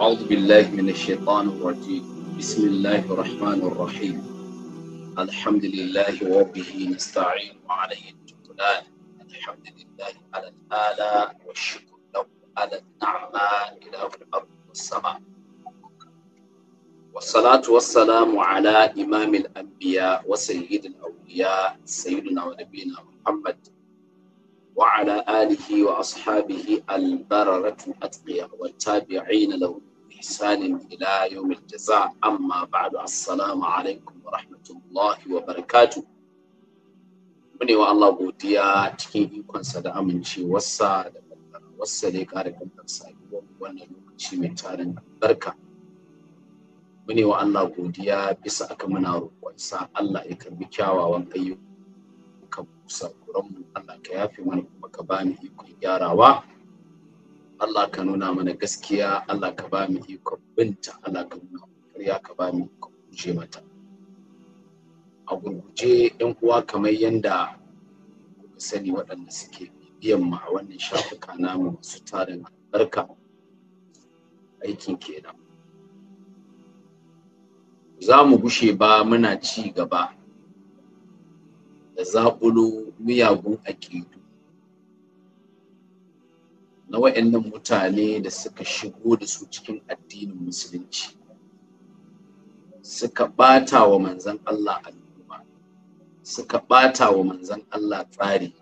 أعوذ بالله من الشيطان الرجيم بسم الله الرحمن الرحيم الحمد لله وبه نستعين وعليه التكلان الحمد لله على الآلاء والشكر له على النعماء إلى الأرض والسماء والصلاة والسلام على إمام الأنبياء وسيد الأولياء سيدنا ونبينا محمد وعلى آله وأصحابه البررة الأتقياء والتابعين لهم بإحسان إلى يوم الجزاء أما بعد السلام عليكم ورحمة الله وبركاته mune wa Allah godiya cikin ikonsa da amincewarsa da wasa ne kare kantar sabuwar wannan lokaci mai tarin albarka Muni wa Allah godiya bisa aka muna roƙonsa Allah ya karbi kyawawan ayyuka mu Allah ka yafe mana kuma ka ba mu ikon gyarawa Allah ka nuna mana gaskiya Allah ka ba mu ikon binta Allah ka nuna ƙarya ka ba mu ikon guje mata a gurguje yan uwa kamar yadda kuka sani waɗanda suke bibiyan mu a wannan shafuka namu masu tarin albarka aikin kenan za mu gushe ba muna ci gaba da zaɓulo miyagun aƙidu na wayannan mutane da suka shigo da su cikin addinin musulunci suka ɓata wa manzan Allah al'umma suka ɓata wa manzan Allah tsari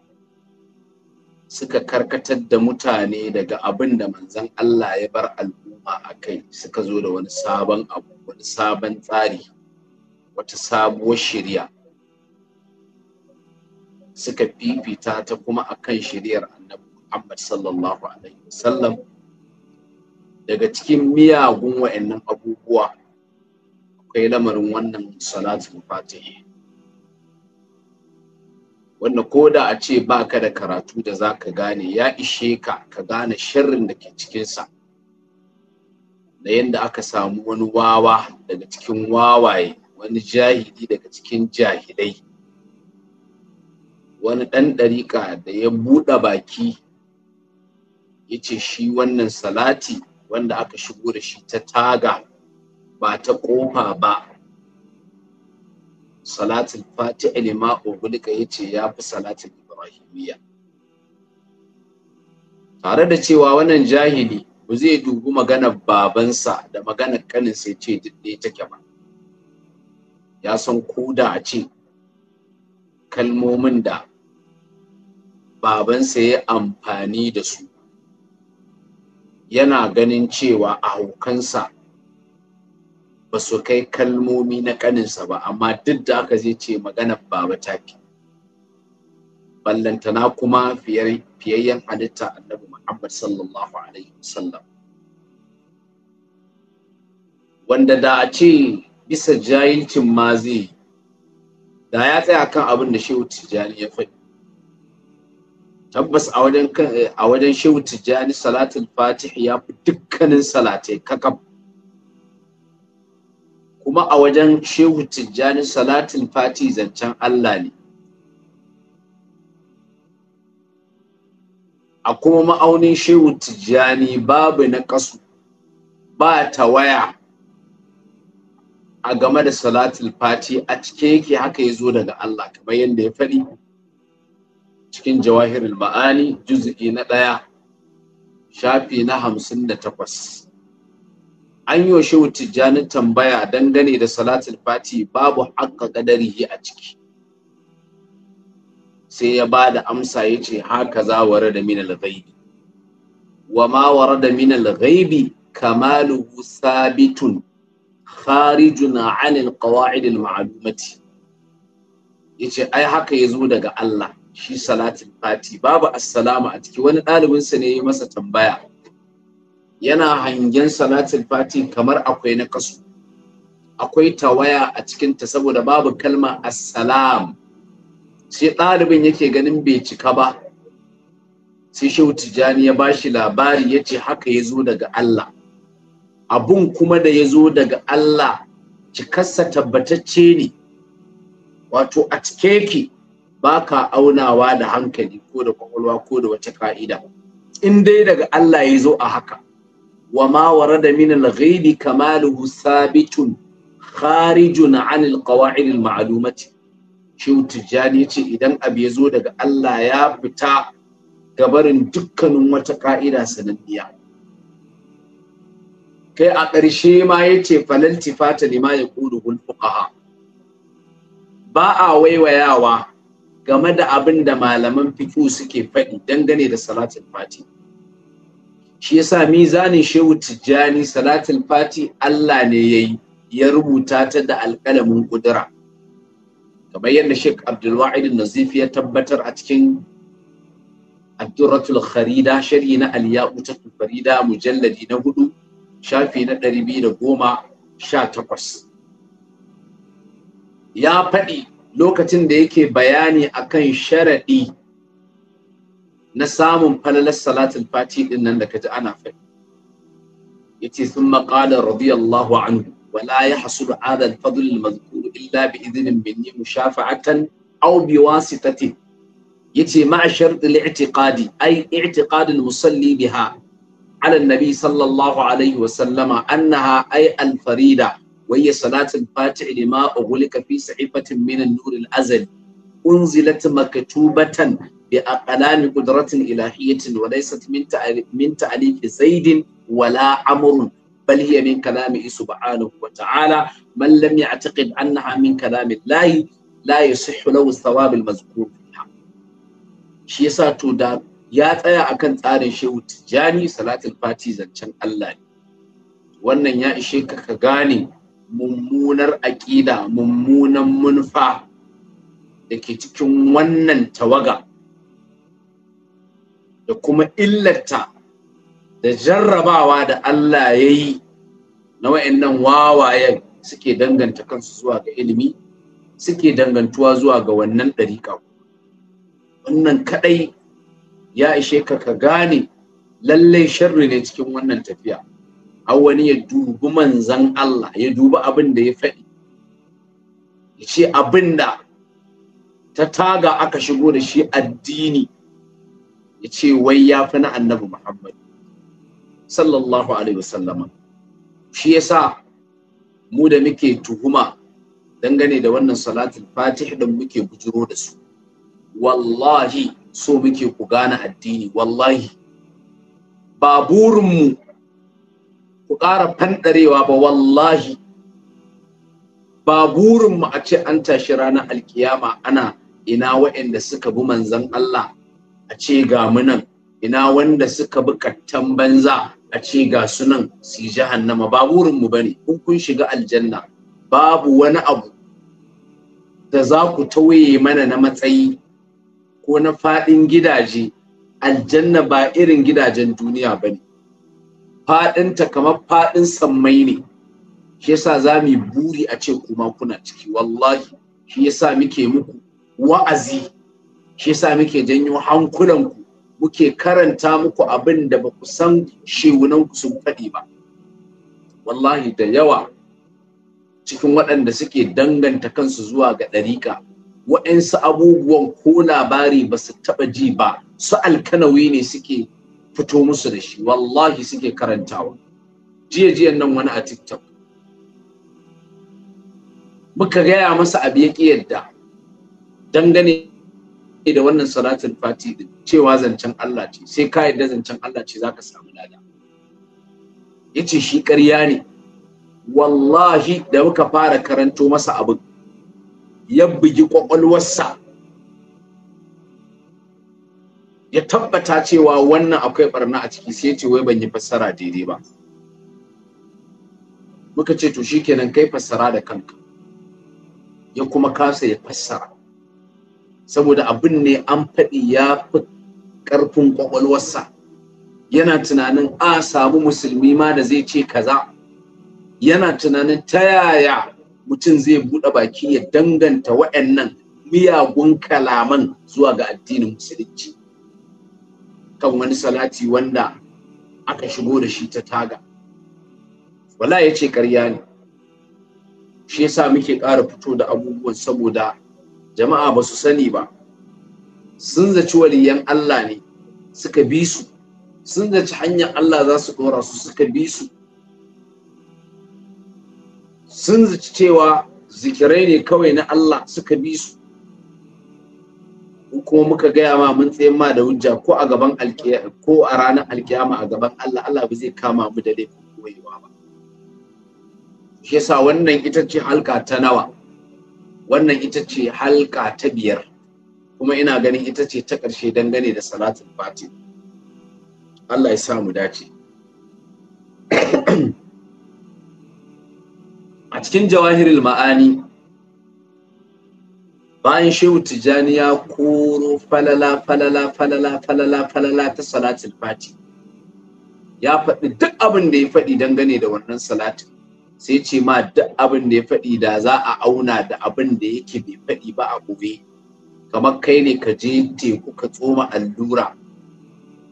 suka karkatar da mutane daga abin da manzan Allah ya bar al'umma a kai suka zo da wani sabon abu wani sabon tsari wata sabuwar shirya suka fifita ta kuma akan shiriyar annabi Muhammad sallallahu alaihi wasallam daga cikin miyagun wa'annan abubuwa akwai lamarin wannan salatu fatihi wanda ko da a ce ba ka da karatu da za ka gane ya ishe ka ka gane shirin da ke cikinsa da yadda aka samu wani wawa daga cikin wawaye wani jahili daga cikin jahilai wani ɗan ɗariƙa da ya buɗe baki ya ce shi wannan salati wanda aka shigo da shi ta taga ba ta ƙofa ba salatul fati lima ogulika ya ce ya fi salatul ibrahimiyya tare da cewa wannan jahili ba zai dubi maganar babansa da maganar ƙaninsa ya ce duk take ba ya san ko da a ce kalmomin da babansa ya amfani da su yana ganin cewa a haukansa ba su kai kalmomi na kaninsa ba amma duk da aka zai ce maganar baba tafi ballantana kuma fiyayyen halitta annabi muhammad sallallahu alaihi wasallam wanda da a ce bisa jayilcin ma zai da ya tsaya kan abin da shehu tijjani ya faɗi tabbas a wajen a wajen shehu tijjani salatul fatih ya fi dukkanin salatai kakab kuma a wajen shehu tijjani salatul fatih zancen Allah ne a kuma ma'aunin shehu tijjani babu na kasu ba ta waya a game da salatul fati a cike yake haka ya zo daga Allah kamar yadda ya faɗi cikin jawahirul ma'ani juz'i na ɗaya shafi na hamsin da takwas an yi shehu tijjani tambaya dangane da salatul fati babu haƙƙa ƙadarihi a ciki sai ya ba da amsa ya ce haka za ware da minal ghaibi wa ma ware da minal ghaibi kamaluhu sabitun kharijun anil qawa'id al ma'lumati yace ai haka yazo daga Allah shi salatin fati babu assalamu a ciki wani ɗalibinsa ne ya masa tambaya yana hangen salatin fati kamar akwai na kasu akwai tawaya a cikinta saboda babu kalma assalam sai ɗalibin yake ganin bai cika ba sai shehu tijani ya bashi labari ya ce haka ya zo daga Allah abun kuma da ya zo daga Allah cikarsa tabbatacce ne wato a cike yake ba ka aunawa da hankali ko da kwakwalwa ko da wata ka'ida in dai daga Allah ya zo a haka wa ma warada min al-ghaibi kamaluhu sabitun kharijun an al-qawa'id al-ma'lumati shi tijjani yace idan abu ya zo daga Allah ya fita gabarin dukkanin wata ka'ida sananniya kai a ƙarshe ma yace falalti fata lima al-fuqaha ba a waiwayawa game da abin da malaman fiqh suke faɗi dangane da salatul fati shi yasa mizanin shehu tijjani salatul fati Allah ne yayi ya rubuta ta da alƙalamin kudura kamar yadda Sheikh abdulwahid Wahid Nazif ya tabbatar a cikin ad Kharida sharhi na al ta Farida mujalladi na hudu shafi na ɗari da goma sha takwas. ya faɗi lokacin da yake bayani akan sharaɗi na samun falalar salatul fati din nan da kaji ana faɗi yace sun maƙalar radiyallahu anhu wala ya hasulu adal fadl mazkur illa bi idhnin minni mushafa'atan aw bi wasitati yace ma'a shart al-i'tiqadi ay i'tiqad al-musalli biha ala an-nabi sallallahu alaihi wa sallama annaha ay al-farida وهي صلاة الفاتح لما أغلق في صحيفة من النور الأزل أنزلت مكتوبة بأقلام قدرة إلهية وليست من من تأليف زيد ولا أمر بل هي من كلامه سبحانه وتعالى من لم يعتقد أنها من كلام الله لا يصح له الثواب المذكور فيها شيء ساتو دا يا تايا أكن تارين شيء تجاني صلاة الفاتحة زنشان الله wannan ya ishe ka ka gane mummunar aƙida mummunan munfa da ke cikin wannan tawaga da kuma illarta da jarrabawa da Allah ya yi na wa'annan wawayen suke danganta kansu zuwa ga ilimi suke dangantuwa zuwa ga wannan ɗariƙa wannan kaɗai ya ishe ka ka gane lallai sharri ne cikin wannan tafiya har wani ya dubi manzan Allah ya dubi abin da ya faɗi ya ce abin da ta taga aka shigo da shi addini ya ce wai ya fi na annabi Muhammad sallallahu alaihi wasallama shi yasa mu da muke tuhuma dangane da wannan salatul fatih da muke bujiro da su wallahi so muke ku gane addini wallahi Baburinmu. ku ƙara fanɗarewa ba wallahi ba burinmu a ce an tashi ranar alkiyama ana ina waɗanda suka bi manzan Allah a ce ga munan ina wanda suka bi kattan banza a ce ga sunan su yi jahannama ba burinmu ba ne kun kun shiga aljanna babu wani abu da za ku tawaye mana na matsayi ko na faɗin gidaje aljanna ba irin gidajen duniya ba ne faɗinta kamar faɗin sammai ne shi yasa za mu yi buri a ce kuma kuna ciki wallahi shi yasa muke muku wa'azi shi yasa muke janyo hankulanku muke karanta muku abin da ba ku san shewunanku sun faɗi ba wallahi da yawa cikin waɗanda suke danganta kansu zuwa ga ɗarika waɗansu abubuwan ko labari ba su taɓa ji ba su alkanawi ne suke fito musu da shi wallahi suke karantawa jiya jiyan nan wani a tiktok muka gaya masa abu ya yadda dangane da wannan salatul fati cewa zancen Allah ce sai ka yadda zancen Allah ce zaka samu lada yace shi ƙarya ne wallahi da muka fara karanto masa abin ya bugi kwakwalwarsa ya tabbata cewa wannan akwai barna a ciki sai ce wai ban yi fassara daidai ba muka ce to shikenan kai fassara da kanka ya kuma kasa ya fassara saboda abin ne an faɗi ya fi ƙarfin ƙwaƙwalwarsa yana tunanin a samu musulmi ma da zai ce kaza yana tunanin ta yaya mutum zai buɗe baki ya danganta waɗannan miyagun kalaman zuwa ga addinin musulunci kan wani salati wanda aka shigo da shi ta taga wala ya ce ƙarya ne shi yasa muke ƙara fito da abubuwan saboda jama'a ba su sani ba sun zaci waliyan Allah ne suka bi su sun zaci hanyar Allah za su ɗora su suka bi su sun zaci cewa zikirai ne kawai na Allah suka bi su kuma muka gaya ma mun tsaye ma da hujja ko a gaban alkiyama ko a ranar alkiyama a gaban Allah Allah ba zai kama mu da laifin koyewa ba shi yasa wannan ita ce halka ta nawa wannan ita ce halka ta biyar kuma ina ganin ita ce ta ƙarshe dangane da salatul fatih Allah ya sa mu dace a cikin jawahirul ma'ani bayan shehu tijjani ya koro falala falala falala falala falala ta salatul fati ya faɗi duk abin da ya faɗi dangane da wannan salatin sai ce ma duk abin da ya faɗi da za a auna da abin da yake bai faɗi ba a gobe kamar kai ne ka je teku ka tsoma allura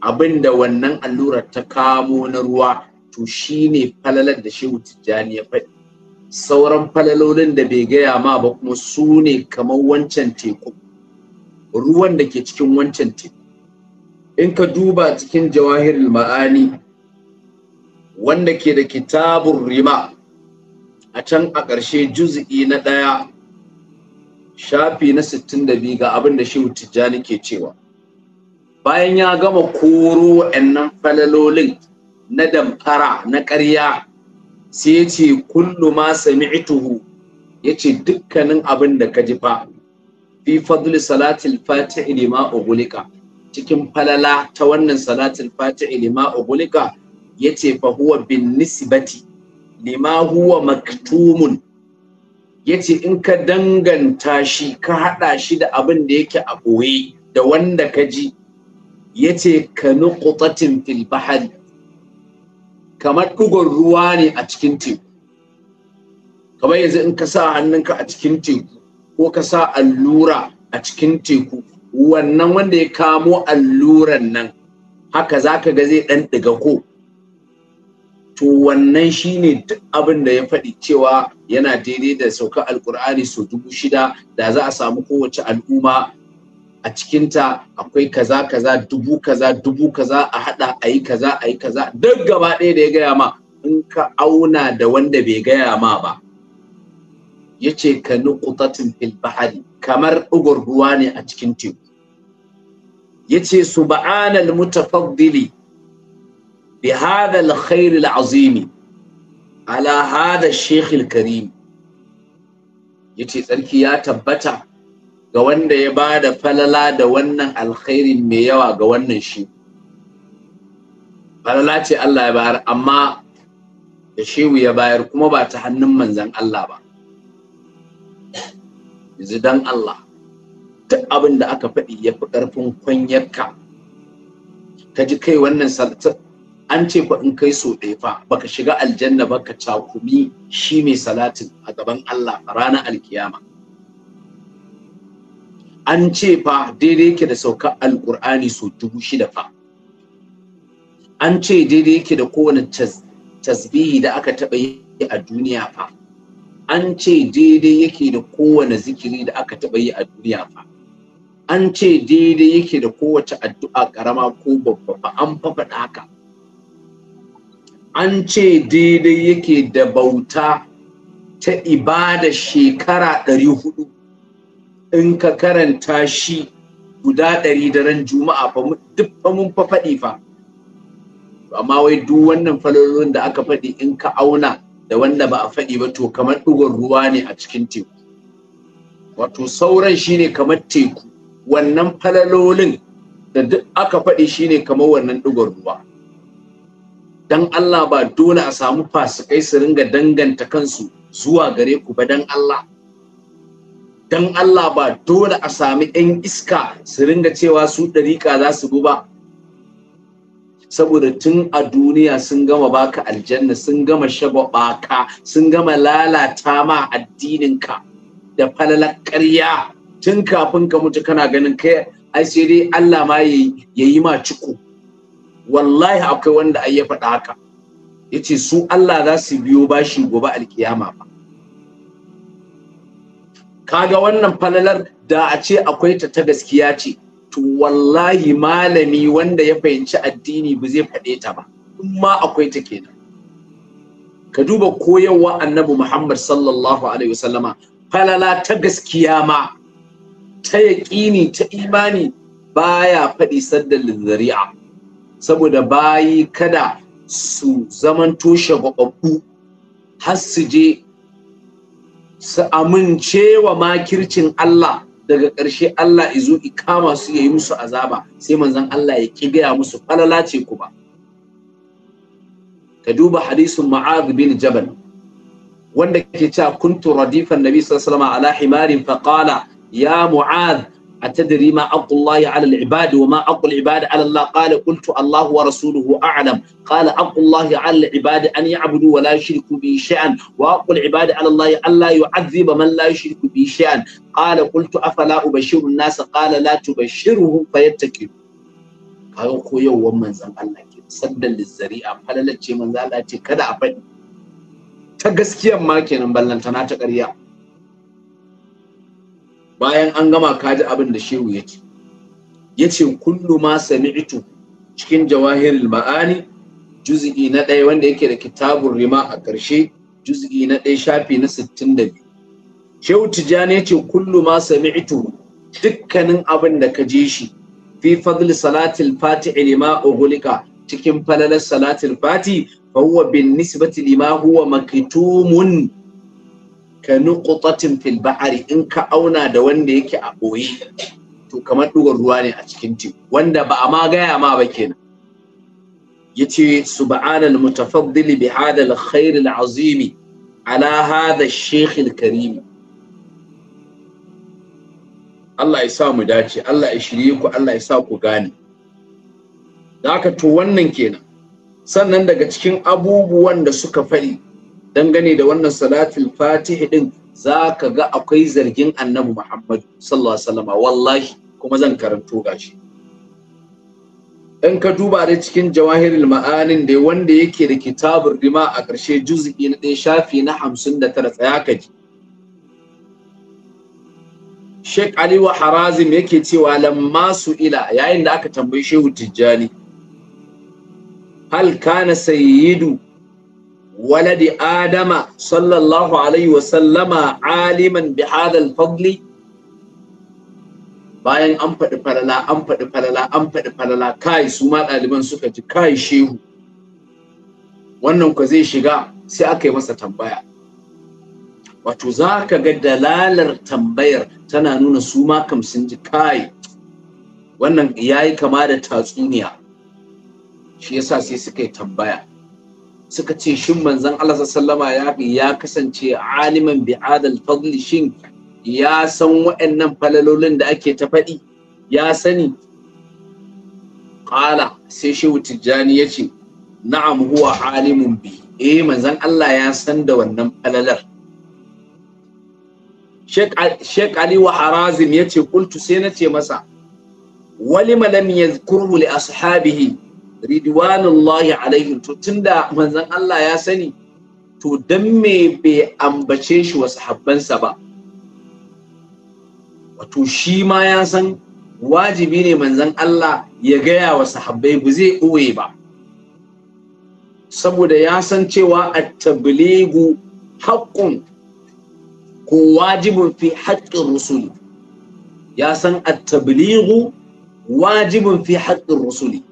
abin da wannan allurar ta kamo na ruwa to shine falalar da shehu tijjani ya faɗi sauran falalolin da bai gaya ma ba kuma su ne kamar wancan teku ruwan da ke cikin wancan teku in ka duba cikin jawahirin ma'ani wanda ke da kitabun rima a can a ƙarshe juzi'i na ɗaya shafi na 62 ga abin da shehu tijjani ke cewa bayan ya gama koro wa'annan falalolin na damfara na ƙarya sai ya ce kullu ma sami'tuhu ya ce dukkanin abin da ka ji fa fi fadli salatil fati'i lima ugulika cikin falala ta wannan salatil fati'i lima ugulika ya ce fa huwa bin nisbati lima huwa maktumun ya ce in ka danganta shi ka haɗa shi da abin da yake a ɓoye da wanda ka ji ya ce ka nuƙutatin fil bahari kamar ɗigon ruwa ne a cikin teku kamar yanzu in ka sa hannunka a cikin teku ko ka sa allura a cikin teku wannan wanda ya kamo alluran nan haka za ka ga zai ɗan ɗiga ko to wannan shine duk abin da ya faɗi cewa yana daidai da sauka Alƙur'ani sau dubu shida da za a samu kowace al'umma a cikinta akwai kaza kaza dubu kaza dubu kaza a hada a yi kaza a yi kaza duk gaba ɗaya da ya gaya ma in ka auna da wanda bai gaya ma ba ya ce ka nuƙutatin fil kamar ɗugur ruwa ne a cikin teku ya ce subhanal mutafaddili bi hada alkhair azimi ala hada sheikh alkarim ya ce tsarki ya tabbata ga wanda ya ba da falala da wannan alkhairin mai yawa ga wannan shi falala ce Allah ya bayar amma da shehu ya bayar kuma ba ta hannun manzan Allah ba yanzu dan Allah duk abin da aka faɗi ya fi ƙarfin kwanyarka ka ji kai wannan an ce fa in kai so ɗaya fa baka shiga aljanna ba ka cakumi shi mai salatin a gaban Allah a ranar alkiyama an ce fa daidai yake da saukar alkur'ani so dubu shida fa an ce daidai yake da kowane tasbihi da aka taɓa yi a duniya fa an ce daidai yake da kowane zikiri da aka taɓa yi a duniya fa an ce daidai yake da kowace addu'a karama ko babba fa an faɗa haka an ce daidai yake da bauta ta ibada shekara ɗari hudu in ka karanta shi guda ɗari da ran juma'a fa duk fa mun fa faɗi fa amma wai duk wannan falalolin da aka faɗi in ka auna da wanda ba a faɗi ba to kamar ɗigon ruwa ne a cikin teku wato sauran shine kamar teku wannan falalolin da duk aka faɗi shine kamar wannan ɗigon ruwa dan Allah ba dole a samu fasikai su ringa danganta kansu zuwa gare ku ba dan Allah dan Allah ba dole a sami 'yan iska su ringa cewa su ɗariƙa za su ba saboda tun a duniya sun gama baka aljanna sun gama shagwaba sun gama lalata ma addininka da falalar ƙarya tun kafin ka mutu kana ganin kai ai sai dai Allah ma ya yi ma ciko wallahi akwai wanda ai ya faɗa haka yace su Allah za su biyo bashi gobe alkiyama ba kaga wannan falalar da a ce akwai ta ta gaskiya ce to wallahi malami wanda ya fahimci addini ba zai faɗe ta ba in ma akwai ta kenan ka duba koyarwa annabi Muhammad sallallahu alaihi wasallama falala ta gaskiya ma ta yaƙini ta imani baya faɗi saddan zari'a saboda bayi kada su zamanto shagwababbu har su je su amince wa makircin Allah daga ƙarshe Allah izo ikama su yayi musu azaba sai manzan Allah ya ki gaya musu falala ce ku ba ka duba hadisin Mu'adh bin Jabal wanda ke cewa kuntu radifan nabi sallallahu alaihi wasallam ala himarin faqala ya Mu'adh أتدري ما حق الله على العباد وما حق العباد على الله قال قلت الله ورسوله أعلم قال حق الله على العباد أن يعبدوا ولا يشركوا به شيئا وحق العباد على الله ألا يعذب من لا يشرك به شيئا قال قلت أفلا أبشر الناس قال لا تبشرهم فيتكل kayan koyarwar manzan Allah ke saddan lizzari'a falalace manzan Allah ce kada a faɗi ta gaskiyar ma kenan ballantana ta ƙarya bayan an gama kaji abin da shehu ya ce ya ce kullu ma sami'tu cikin jawahirul ma'ani juz'i na ɗaya wanda yake da kitabun rima a ƙarshe juz'i na ɗaya shafi na 62 shehu tijani ya ce kullu ma sami'tu dukkanin abin da ka je shi fi fadl salatil fati'i lima ughliqa cikin falalar salatil fati fa huwa bin nisbati lima huwa makitumun ka nuqtatin fil bahari in ka auna da wanda yake a boye to kamar dugar ruwa ne a cikin teku wanda ba a ma gaya ma ba kenan yace subhana al mutafaddil bi hada al khair al azim ala hada al shaykh al karim Allah ya sa mu dace Allah ya shirye ku Allah ya sa ku gane da haka to wannan kenan sannan daga cikin abubuwan da suka fari dangane da wannan salatul fatihi din za ka ga akwai zargin annabi Muhammad sallallahu alaihi wallahi kuma zan karanto gashi in ka duba da cikin jawahirul ma'anin da wanda yake da kitabur rima a ƙarshe juz'i na ɗaya shafi na hamsin da tara tsaya ka ji Sheikh Ali wa Harazim yake cewa lamma su ila yayin da aka tambayi Shehu Tijjani hal kana sayyidu waladi adama sallallahu alaihi wa sallama aliman bi hadal fadli bayan an faɗi falala an faɗi falala an faɗi falala kai su ma ɗaliban suka ji kai shehu wannan ku zai shiga sai aka yi masa tambaya wato za ka ga dalalar tambayar tana nuna su ma kam sun ji kai wannan ya yi kama da tatsuniya shi yasa sai suka yi tambaya suka ce shin manzon Allah sallama ya ya kasance aliman bi adal fadli shin ya san waɗannan falalolin da ake ta faɗi ya sani qala sai shehu tijjani yace na'am huwa alimun bi eh manzon Allah ya san da wannan falalar Sheikh Ali wa Harazim yace qultu sai na ce masa walima lam yadhkuruhu li ashabihi ridwanullahi alaihim to tunda manzon Allah ya sani to dan me bai ambace shi wa sahabbansa ba wato shi ma ya san wajibi ne manzon Allah ya gaya wa sahabbai ba zai ɓoye ba saboda ya san cewa at-tabligu haqqun ko wajibun fi haƙƙin rusuli ya san at-tabligu wajibun fi haƙƙin rusuli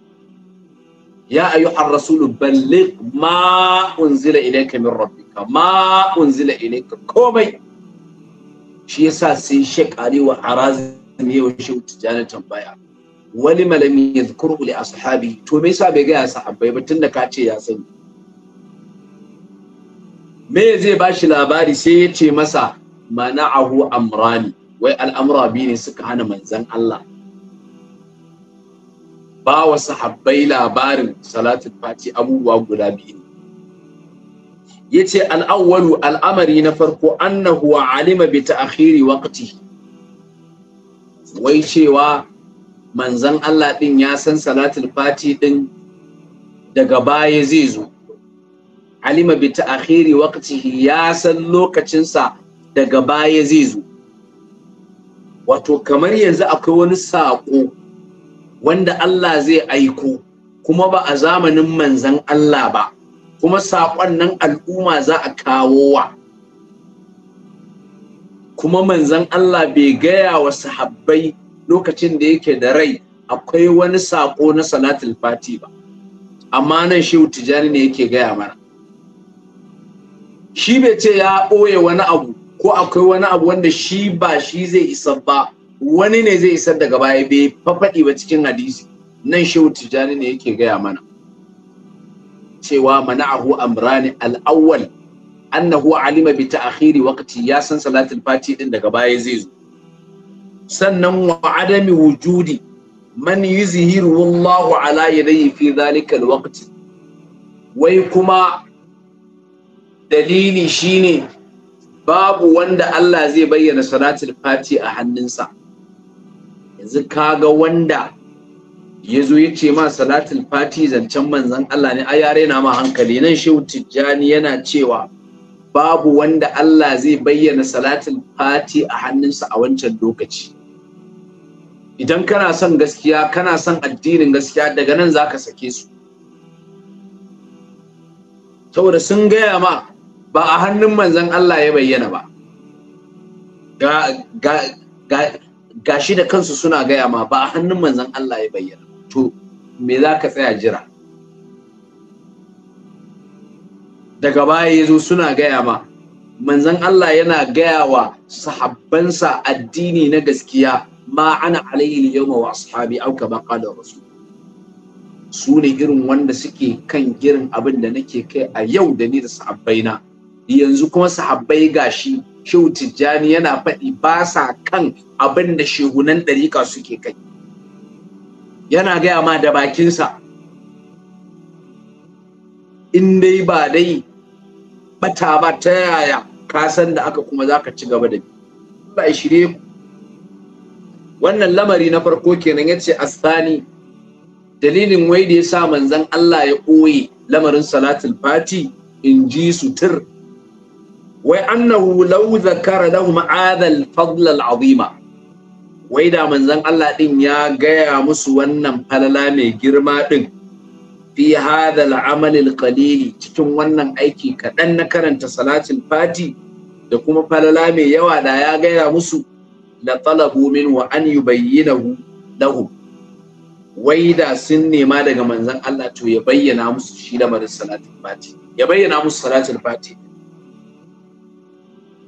ya ayyuhar rasulu balligh ma unzila ilayka min rabbika ma unzila ilayka komai shi sai shak Ali wa Arazim yayin tambaya wani malami ya zukuru li ashabi to me yasa bai gaya sahabbai ba tunda ka ce ya sani me zai bashi shi labari sai yace ce masa mana'ahu amrani wai al'amura biyu ne suka hana manzan Allah ba wa sahabbai labarin salatul fati abubuwa guda biyu yace al-awwalu al'amari na farko annahu alima bi ta'khiri waqti wai cewa manzon Allah din ya san salatul fati din daga baya zai zo alima bi ta'khiri waqtihi ya san lokacinsa daga baya zai zo wato kamar yanzu akwai wani saƙo wanda Allah zai aiko kuma ba a zamanin manzan Allah ba kuma saƙon nan al'umma za a kawo wa kuma manzan Allah bai gaya wa sahabbai lokacin da yake da rai akwai wani saƙo na salatul fati ba amma nan shehu tijani ne yake gaya mana shi bai ce ya ɓoye wani abu ko akwai wani abu wanda shi ba shi zai isa ba wani ne zai isar daga baya bai fafaɗi ba cikin hadisi nan shehu tijani ne yake gaya mana cewa mana'ahu amrani al annahu alima bi ta'khiri waqti ya san salatul fati din daga baya zai zo sannan wa adami wujudi man yuzhiru wallahu ala yadayhi fi dhalika alwaqt wai kuma dalili shine babu wanda Allah zai bayyana salatul fati a hannunsa yanzu kaga wanda ya zo ya ce ma salatul fati zancen manzan Allah ne a yare na ma hankali nan shehu tijjani yana cewa babu wanda Allah zai bayyana salatul fati a hannunsa a wancan lokaci idan kana son gaskiya kana son addinin gaskiya daga nan zaka sake su saboda sun gaya ma ba a hannun manzan Allah ya bayyana ba ga ga gashi da kansu suna gaya ma ba a hannun manzan Allah ya bayyana to me za ka tsaya jira daga baya ya zo suna gaya ma manzon Allah yana gaya wa sahabbansa addini na gaskiya ma ana alayhi yawma wa ashabi au kama qala rasul su ne irin wanda suke kan girin abin da nake kai a yau da ni da sahabbaina yanzu kuma sahabbai gashi shehu tijjani yana faɗi ba sa kan abin da shehunan ɗariƙa suke kai yana gaya ma da bakinsa in dai ba dai bata ba ta yaya ka san da aka kuma za ka ci gaba da bi wannan lamari na farko kenan ya ce asani dalilin wai da ya sa manzan Allah ya ɓoye lamarin salatul fati in ji sutur wai annahu law zakara lahum hadha al-fadl al-azima wai da manzon Allah ɗin ya gaya musu wannan falala mai girma ɗin, fi hadha al-amal cikin wannan aiki kaɗan na karanta salatul fati da kuma falala mai yawa da ya gaya musu la talabu min wa an yubayyinahu lahum wai da sun nema daga manzon Allah ya bayyana musu shi lamarin salatul fati fati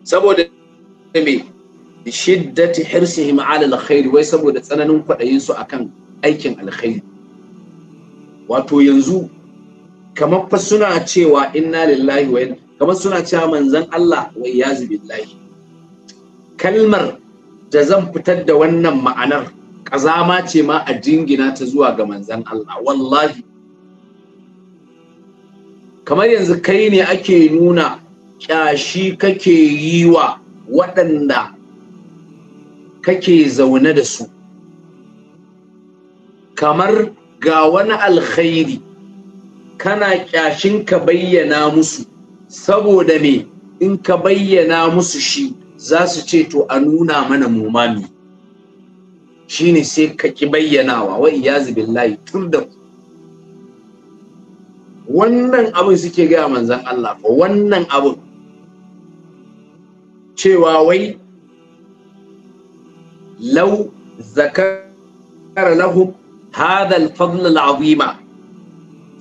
saboda me shiddati hirsihim ala alkhair wai saboda tsananin kwaɗayinsu su akan aikin alkhairi wato yanzu kamar fa suna cewa inna lillahi wa inna kamar suna cewa manzon Allah wa ya billahi kalmar da zan fitar da wannan ma'anar kazama ce ma a jingina ta zuwa ga manzon Allah wallahi kamar yanzu kai ne ake nuna kyashi kake yi wa waɗanda kake zaune da su kamar ga wani alkhairi kana kyashin ka bayyana musu saboda me in ka bayyana musu shi za su ce to a nuna mana mumami shine sai ka ki bayyanawa wa iyazu billahi tur da ku wannan abin suke gaya manzan Allah wannan abin cewa wai lau zakara lahum hada alfadl al'azima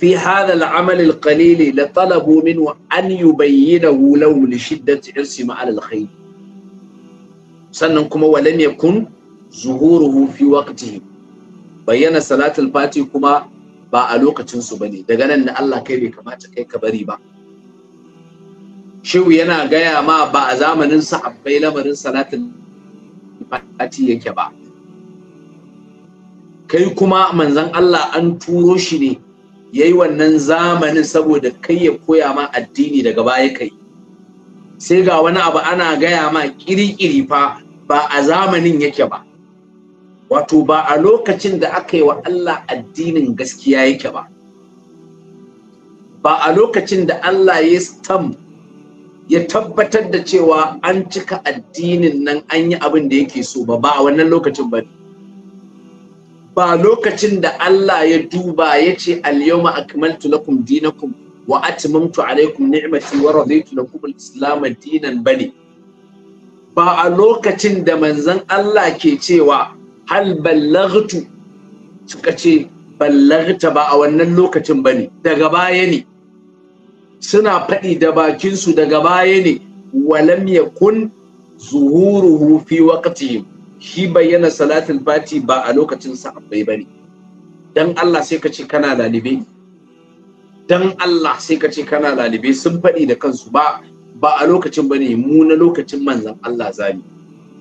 fi hada al'amal alqalili la talabu minhu an yubayyinahu lahu li shiddati irsi ma'al alkhayr sannan kuma walam yakun zuhuruhu fi waqtihi bayyana salatul fati kuma ba a lokacin su bane daga nan ne Allah kai bai kamata kai ka bari ba shehu yana gaya ma ba a zamanin sahabbai lamarin salatin fati yake ba kai kuma manzon Allah an turo shi ne yayi wannan zamanin saboda kai ya koya ma addini daga baya kai sai ga wani abu ana gaya ma kirikiri fa ba a zamanin yake ba wato ba a lokacin da aka yi wa Allah addinin gaskiya yake ba ba a lokacin da Allah ya stamp ya tabbatar da cewa an cika addinin nan an yi abin da yake so ba ba a wannan lokacin ba ba lokacin da Allah ya duba ya ce al-yawma akmaltu lakum dinakum wa atmamtu alaykum ni'mati wa raditu lakum al-islam dinan bane ba a lokacin da manzon Allah ke cewa hal ballaghtu suka ce ballaghta ba a wannan lokacin bane daga baya ne suna faɗi da bakinsu daga baya ne walam kun zuhuruhu fi waqtihim shi bayyana salatin fati ba a lokacin sahabbai bane dan Allah sai ka ce kana lalibe dan Allah sai ka ce kana lalibe sun faɗi da kansu ba ba a lokacin bane mu na lokacin manzon Allah zami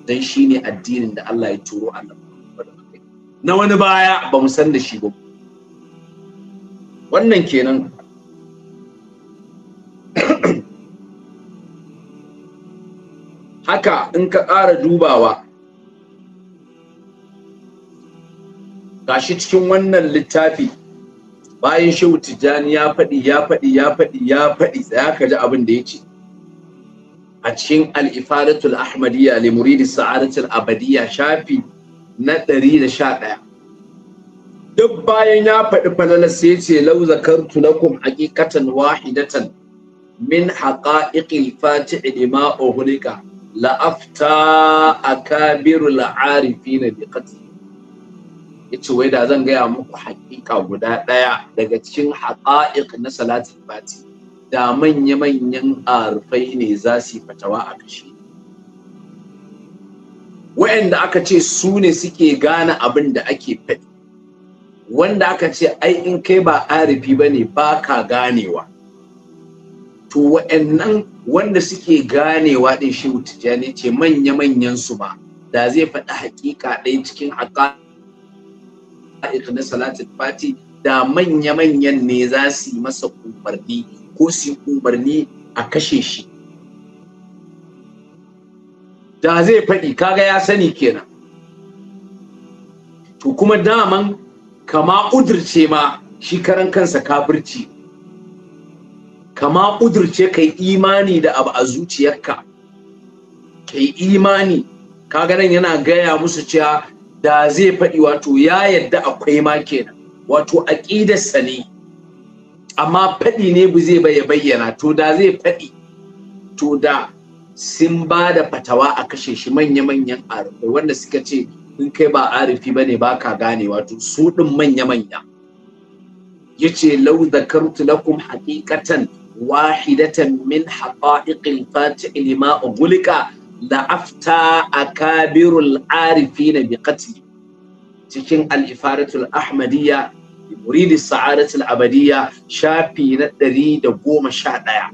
dan shine addinin da Allah ya turo annabi na wani baya ba mu san da shi ba wannan kenan haka in ka ƙara dubawa gashi cikin wannan littafi bayan shehu tijjani ya faɗi ya faɗi ya faɗi ya faɗi tsaya ka ji abin da ya ce a cikin al'ifadatul ahmadiyya li muridi sa'adatul abadiyya shafi na ɗari da sha ɗaya duk bayan ya faɗi falala sai ce lau zakartu lakum haƙiƙatan wahidatan min haqa'iqil fati'i lima uhulika la afta akabirul arifina bi qatli yace wai da zan gaya muku haƙiƙa guda ɗaya daga cikin haƙa'iƙ na salatin fati da manya-manyan arfai ne za su yi fatawa a kashe wa'anda aka ce su ne suke gane abin da ake faɗi wanda aka ce ai in kai ba arifi ba ne ba ka ganewa to wa'annan wanda suke ganewa din shi tijjani ce manya-manyan su ba da zai faɗi haƙiƙa ɗaya cikin haƙa'iƙ na salatin fati da manya-manyan ne za su yi masa umarni ko su yi umarni a kashe shi da zai faɗi kaga ya sani kenan to kuma daman kama udurce ma shi karan kansa kafirci kama ka kai imani da abu a zuciyarka kai imani Ka ga nan yana gaya musu cewa da zai faɗi wato ya yadda akwai ma kenan wato aƙidarsa ne amma faɗi ne bu zai ya bayyana to da zai faɗi to da sun ba da fatawa a kashe shi manya-manyan arifai wanda suka ce in kai ba arifi ba ne ba ka gane wato su ɗin manya-manya ya ce lau zakartu lakum haƙiƙatan wahidatan min haqa'iqil fati'i lima ugulika la afta akabirul arifina bi Bikati, cikin Al'ifaratul ifaratul ahmadiyya muridi sa'adatul abadiyya shafi na ɗari da goma sha ɗaya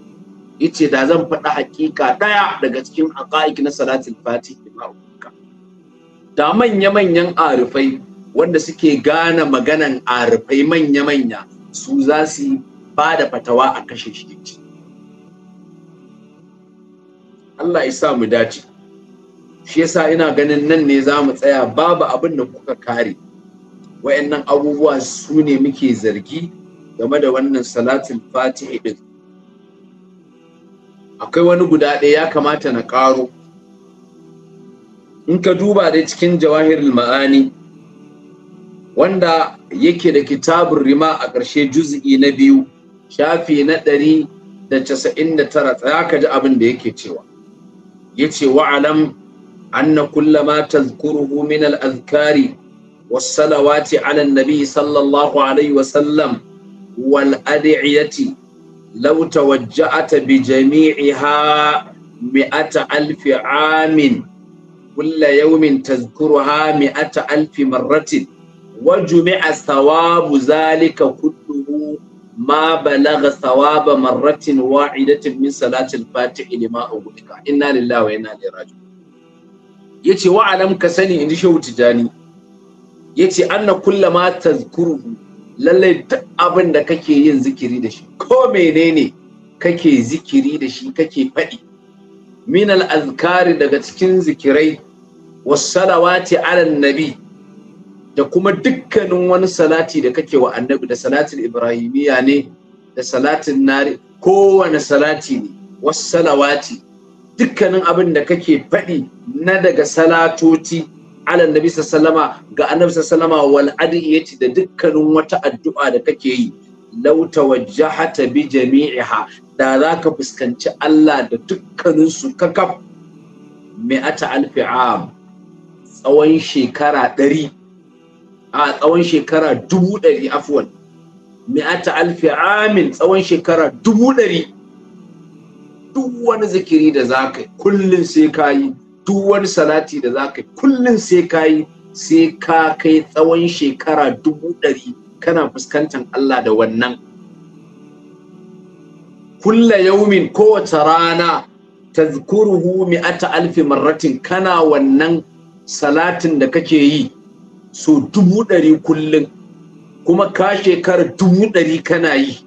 yace da zan faɗi haƙiƙa ɗaya daga cikin haƙa'iq na salatul fatih lima da manya-manyan arifai wanda suke gane maganan arifai manya-manya su za yi ba da fatawa a kashe shi Allah ya sa mu dace shi yasa ina ganin nan ne za mu tsaya babu abin da kuka kare wayannan abubuwa su ne muke zargi game da wannan salatul fatih din akwai wani guda ɗaya ya kamata na ƙaro in ka duba da cikin jawahirul ma'ani wanda yake da kitabun rima a ƙarshe juz'i na biyu shafi na ɗari da casa'in da tara tsaya ka ji abin da yake cewa ya ce wa'alam anna kullama tazkuruhu min al-azkari was-salawati 'ala an-nabi sallallahu alaihi wa sallam wal ad'iyati law tawajja'ata bi jami'iha mi'ata alfi 'amin kulla yawmin tazkuruha mi'ata alfi marratin wa jumi'a thawabu zalika kulluhu ma balagha thawaba marratin wa'idatin min salatil fatihi lima ugudika inna lillahi wa inna ilaihi raji'un yace wa alam ka sani inji shehu tijani yace anna kullama mata lalle duk abin da kake yin zikiri da shi ko menene kake zikiri da shi kake faɗi min al azkari daga cikin zikirai was salawati ala nabi da kuma dukkanin wani salati da kake wa annabi da salatin ibrahimiya ne da salatin nari kowane salati ne wasu salawati dukkanin abin da kake faɗi na daga salatoci ala nabi sallama ga annabi sallama wal adiyati da dukkanin wata addu'a da kake yi lauta law tawajjahata bi jami'iha da zaka fuskanci Allah da dukkanin su kakaf mi'ata alfi tsawon shekara ɗari a tsawon shekara dubu ɗari afuwan, mi'ata alfi amin tsawon shekara dubu ɗari duk wani zikiri da za ka yi kullum sai ka yi duk wani salati da za ka yi kullum sai ka yi sai ka kai tsawon shekara dubu ɗari kana fuskantar Allah da wannan kulla yaumin kowace rana tazkuruhu mi'ata alfi marratin kana wannan salatin da kake yi so dubu ɗari kullum kuma ka shekara dubu ɗari kana yi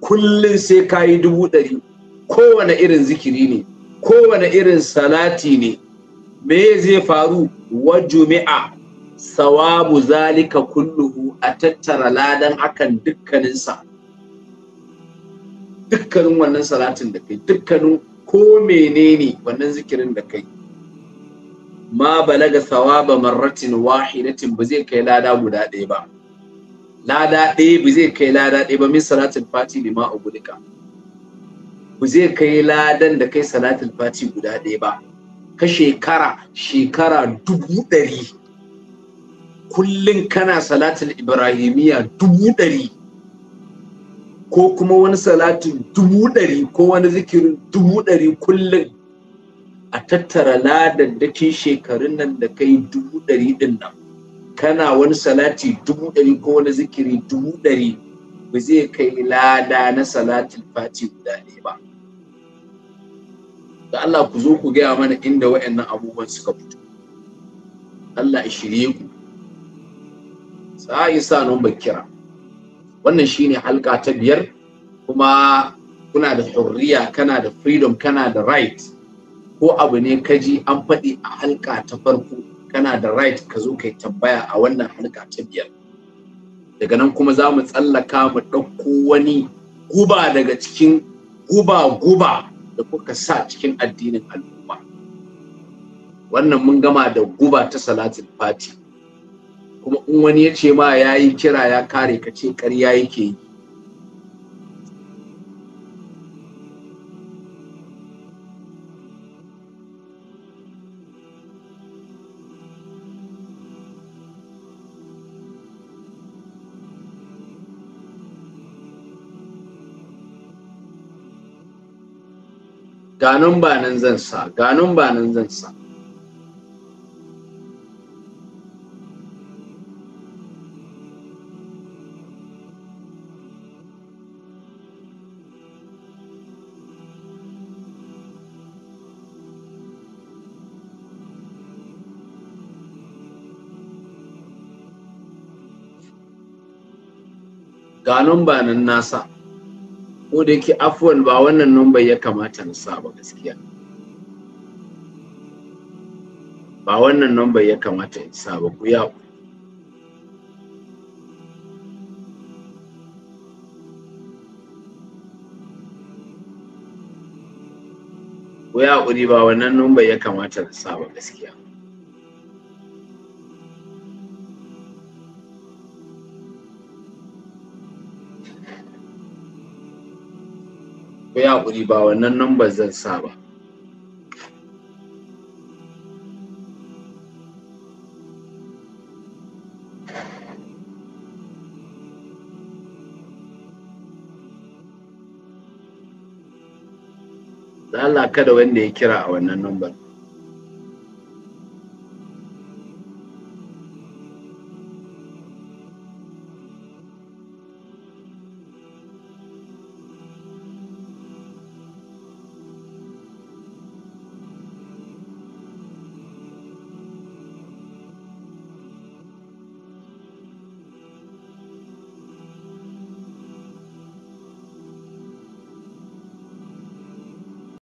kullum sai ka yi dubu ɗari kowane irin zikiri ne kowane irin salati ne me zai faru wa jumi'a sawabu zalika kulluhu a tattara ladan hakan dukkaninsa dukkanin wannan salatin da kai dukkanin ko menene wannan zikirin da kai ma balaga sawaba marratin wahidatin ba zai kai lada guda ɗaya ba lada ɗaya ba zai kai lada ɗaya ba min salatul fati lima ugulika ba zai kai ladan da kai salatul fati guda ɗaya ba ka shekara shekara dubu ɗari kullum kana salatul ibrahimiya dubu ɗari ko kuma wani salatin dubu ɗari ko wani zikirin dubu ɗari kullum a tattara ke shekarun nan da kai dubu ɗari ɗin nan kana wani salati dubu ɗari ko wani zikiri dubu ɗari ba zai kai lada na salatin fati guda ne ba da Allah ku zo ku gaya mana inda wa'annan abubuwan suka fito Allah ya shirye ku yi sa nun kira? wannan shine halka ta biyar kuma kuna da hurriya kana da freedom kana da right ko abu ne ka ji an faɗi a halka ta farko kana da right ka zo kai tambaya a wannan halka ta biyar daga nan kuma za mu tsallaka mu ɗauko wani guba daga cikin guba guba da kuka sa cikin addinin al'umma wannan mun gama da guba ta salatin fati kuma in wani ya ce ma ya yi kira ya kare ka ce ƙarya yake yi ganin ba nan zan sa ganin ba nan zan sa ganin ba nan nasa ko da yake afuwan ba wannan number ya kamata na sa ba gaskiya ba wannan number ya kamata in sa ba ku ya ku ya ba wannan number ya kamata na sa ba gaskiya ku ya haƙuri ba wannan number zan sa ba Allah kada wanda ya kira a wannan number